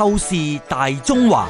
透視大中華，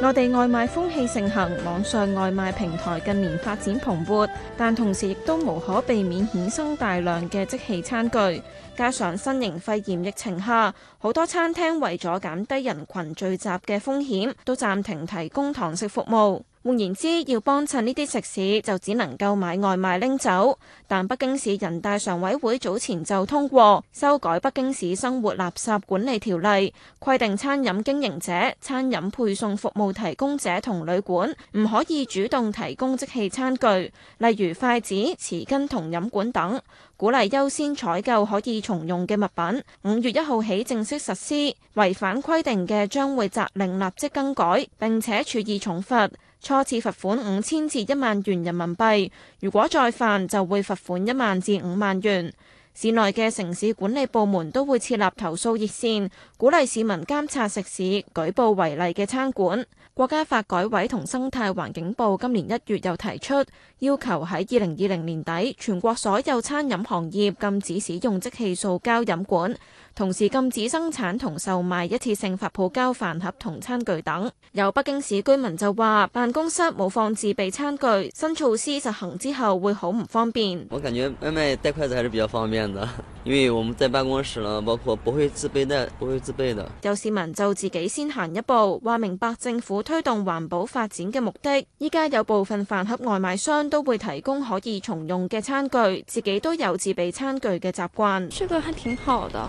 內地外賣風氣盛行，網上外賣平台近年發展蓬勃，但同時亦都無可避免衍生大量嘅即棄餐具。加上新型肺炎疫情下，好多餐廳為咗減低人群聚集嘅風險，都暫停提供堂食服務。換言之，要幫襯呢啲食肆就只能夠買外賣拎走。但北京市人大常委會早前就通過修改北京市生活垃圾管理條例，規定餐飲經營者、餐飲配送服務提供者同旅館唔可以主動提供即棄餐具，例如筷子、匙羹同飲管等，鼓勵優先採購可以重用嘅物品。五月一號起正式實施，違反規定嘅將會責令立即更改，並且處以重罰。初次罰款五千至一萬元人民幣，如果再犯就會罰款一萬至五萬元。市內嘅城市管理部門都會設立投訴熱線，鼓勵市民監察食肆，舉報違例嘅餐館。國家發改委同生態環境部今年一月又提出要求，喺二零二零年底，全國所有餐飲行業禁止使用即棄塑膠飲管。同時禁止生產同售賣一次性發泡膠飯盒同餐具等。有北京市居民就話：辦公室冇放自備餐具，新措施實行之後會好唔方便。我感覺外賣帶筷子還是比較方便的，因為我們在辦公室啦，包括不會自備的，不會自備的。有市民就自己先行一步，話明白政府推動環保發展嘅目的。依家有部分飯盒外賣商都會提供可以重用嘅餐具，自己都有自備餐具嘅習慣。這個還挺好的。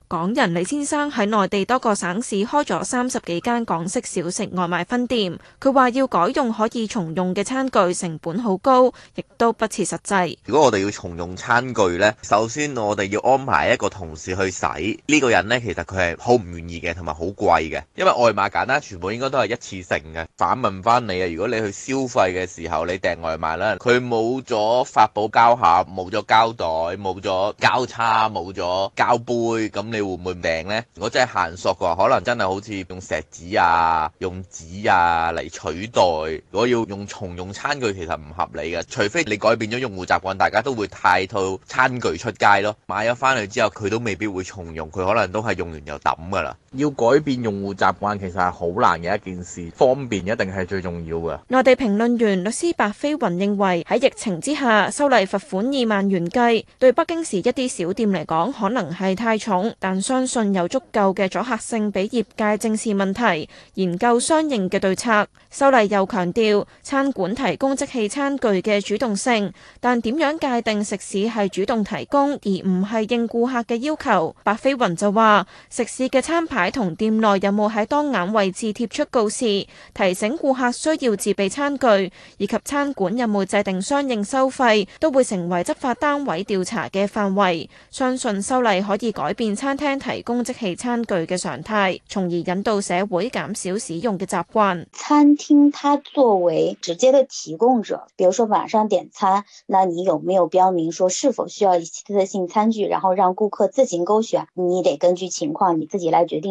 港人李先生喺內地多個省市開咗三十幾間港式小食外賣分店。佢話要改用可以重用嘅餐具，成本好高，亦都不切實際。如果我哋要重用餐具咧，首先我哋要安排一個同事去洗呢個人咧，其實佢係好唔願意嘅，同埋好貴嘅。因為外賣簡單，全部應該都係一次性嘅。反問翻你啊，如果你去消費嘅時候，你訂外賣啦，佢冇咗發泡膠盒，冇咗膠袋，冇咗膠叉，冇咗膠杯，咁你？會唔會呢？如果真係限塑嘅話，可能真係好似用錫紙啊、用紙啊嚟取代。如果要用重用餐具，其實唔合理噶，除非你改變咗用戶習慣，大家都會帶套餐具出街咯。買咗翻嚟之後，佢都未必會重用，佢可能都係用完又抌噶啦。要改變用戶習慣其實係好難嘅一件事，方便一定係最重要嘅。內地評論員律師白飛雲認為喺疫情之下，修例罰款二萬元計，對北京市一啲小店嚟講可能係太重，但相信有足夠嘅阻嚇性俾業界正視問題，研究相應嘅對策。修例又強調餐館提供即棄餐具嘅主動性，但點樣界定食肆係主動提供而唔係應顧客嘅要求？白飛雲就話食肆嘅餐牌。喺同店內有冇喺當眼位置貼出告示，提醒顧客需要自備餐具，以及餐館有冇制定相應收費，都會成為執法單位調查嘅範圍。相信修例可以改變餐廳提供即棄餐具嘅常態，從而引導社會減少使用嘅習慣。餐廳，它作為直接的提供者，比如說，晚上點餐，那你有沒有標明說是否需要一次性餐具，然後讓顧客自行勾選？你得根據情況你自己來決定。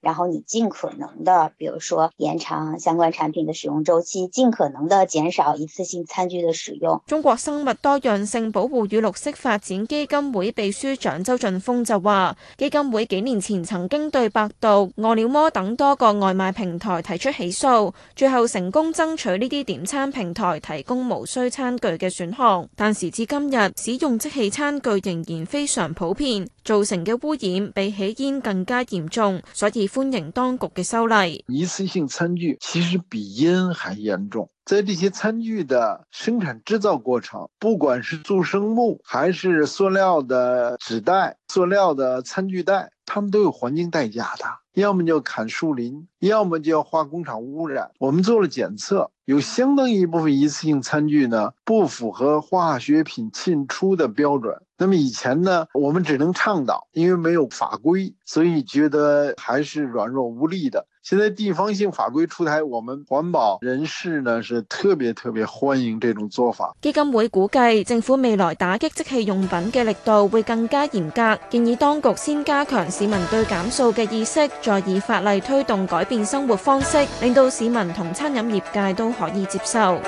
然後你盡可能的，比如說延長相關產品的使用周期，盡可能的減少一次性餐具的使用。中國生物多樣性保護與綠色發展基金會秘書長周俊峰就話，基金會幾年前曾經對百度、餓了麼等多個外賣平台提出起訴，最後成功爭取呢啲點餐平台提供無需餐具嘅選項。但時至今日，使用即棄餐具仍然非常普遍。造成嘅污染比起煙更加嚴重，所以歡迎當局嘅修例。一次性餐具其實比煙還嚴重，在這些餐具的生產製造過程，不管是做生物還是塑料的紙袋、塑料的餐具袋，它們都有環境代價的，要麼就砍樹林，要麼就要化工廠污染。我們做了檢測，有相當一部分一次性餐具呢不符合化學品浸出的標準。那麼以前呢，我們只能倡導，因為沒有法規，所以覺得還是軟弱無力的。現在地方性法規出台，我們環保人士呢是特別特別歡迎這種做法。基金會估計，政府未來打擊即棄用品嘅力度會更加嚴格，建議當局先加強市民對減塑嘅意識，再以法例推動改變生活方式，令到市民同餐飲業界都可以接受。